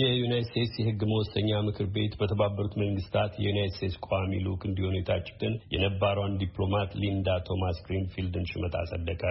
የዩናይት ስቴትስ የህግ መወሰኛ ምክር ቤት በተባበሩት መንግስታት የዩናይት ስቴትስ ቋሚ ልዑክ እንዲሆኑ የታጩትን የነባሯን ዲፕሎማት ሊንዳ ቶማስ ግሪንፊልድን ሹመት አጸደቀ።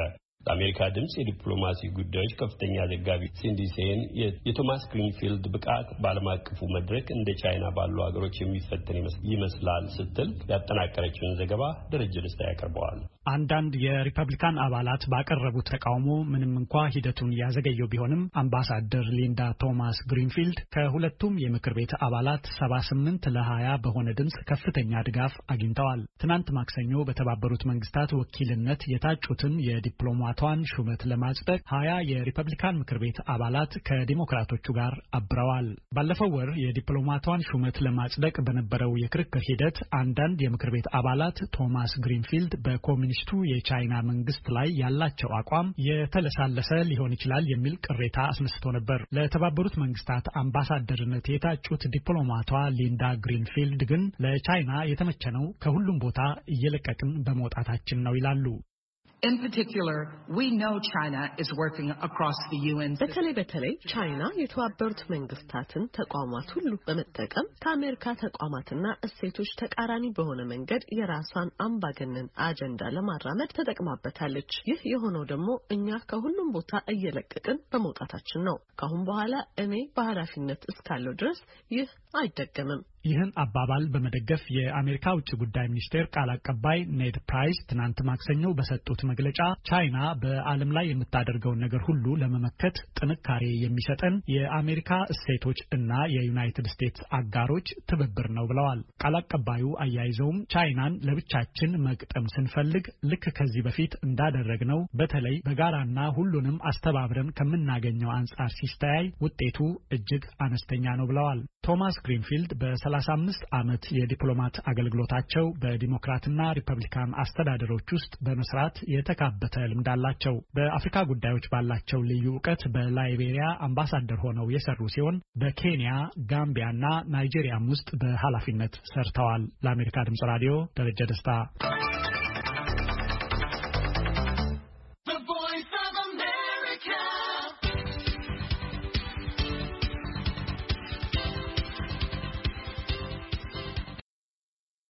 ለአሜሪካ ድምፅ የዲፕሎማሲ ጉዳዮች ከፍተኛ ዘጋቢ ሲንዲ ሴን የቶማስ ግሪንፊልድ ብቃት በዓለም አቀፉ መድረክ እንደ ቻይና ባሉ ሀገሮች የሚፈተን ይመስላል ስትል ያጠናቀረችውን ዘገባ ደረጀ ደስታ ያቀርበዋል። አንዳንድ የሪፐብሊካን አባላት ባቀረቡት ተቃውሞ ምንም እንኳ ሂደቱን ያዘገየው ቢሆንም አምባሳደር ሊንዳ ቶማስ ግሪንፊልድ ከሁለቱም የምክር ቤት አባላት 78 ለ20 በሆነ ድምፅ ከፍተኛ ድጋፍ አግኝተዋል። ትናንት ማክሰኞ በተባበሩት መንግስታት ወኪልነት የታጩትን የዲፕሎማ የስርዓቷን ሹመት ለማጽደቅ ሀያ የሪፐብሊካን ምክር ቤት አባላት ከዲሞክራቶቹ ጋር አብረዋል። ባለፈው ወር የዲፕሎማቷን ሹመት ለማጽደቅ በነበረው የክርክር ሂደት አንዳንድ የምክር ቤት አባላት ቶማስ ግሪንፊልድ በኮሚኒስቱ የቻይና መንግስት ላይ ያላቸው አቋም የተለሳለሰ ሊሆን ይችላል የሚል ቅሬታ አስነስቶ ነበር። ለተባበሩት መንግስታት አምባሳደርነት የታጩት ዲፕሎማቷ ሊንዳ ግሪንፊልድ ግን ለቻይና የተመቸነው ከሁሉም ቦታ እየለቀቅን በመውጣታችን ነው ይላሉ። በተለይ በተለይ ቻይና የተባበሩት መንግስታትን ተቋማት ሁሉ በመጠቀም ከአሜሪካ ተቋማትና እሴቶች ተቃራኒ በሆነ መንገድ የራሷን አምባገነን አጀንዳ ለማራመድ ተጠቅማበታለች። ይህ የሆነው ደግሞ እኛ ከሁሉም ቦታ እየለቀቅን በመውጣታችን ነው። ከአሁን በኋላ እኔ በኃላፊነት እስካለው ድረስ ይህ አይደገምም። ይህን አባባል በመደገፍ የአሜሪካ ውጭ ጉዳይ ሚኒስቴር ቃል አቀባይ ኔድ ፕራይስ ትናንት ማክሰኞ በሰጡት መግለጫ ቻይና በዓለም ላይ የምታደርገውን ነገር ሁሉ ለመመከት ጥንካሬ የሚሰጠን የአሜሪካ እሴቶች እና የዩናይትድ ስቴትስ አጋሮች ትብብር ነው ብለዋል። ቃል አቀባዩ አያይዘውም ቻይናን ለብቻችን መግጠም ስንፈልግ ልክ ከዚህ በፊት እንዳደረግነው በተለይ በጋራና ሁሉንም አስተባብረን ከምናገኘው አንጻር ሲስተያይ ውጤቱ እጅግ አነስተኛ ነው ብለዋል። ቶማስ ግሪንፊልድ በ የ35 ዓመት የዲፕሎማት አገልግሎታቸው በዲሞክራትና ሪፐብሊካን አስተዳደሮች ውስጥ በመስራት የተካበተ ልምድ አላቸው። በአፍሪካ ጉዳዮች ባላቸው ልዩ እውቀት በላይቤሪያ አምባሳደር ሆነው የሰሩ ሲሆን በኬንያ፣ ጋምቢያና ናይጄሪያም ውስጥ በኃላፊነት ሰርተዋል። ለአሜሪካ ድምጽ ራዲዮ ደረጀ ደስታ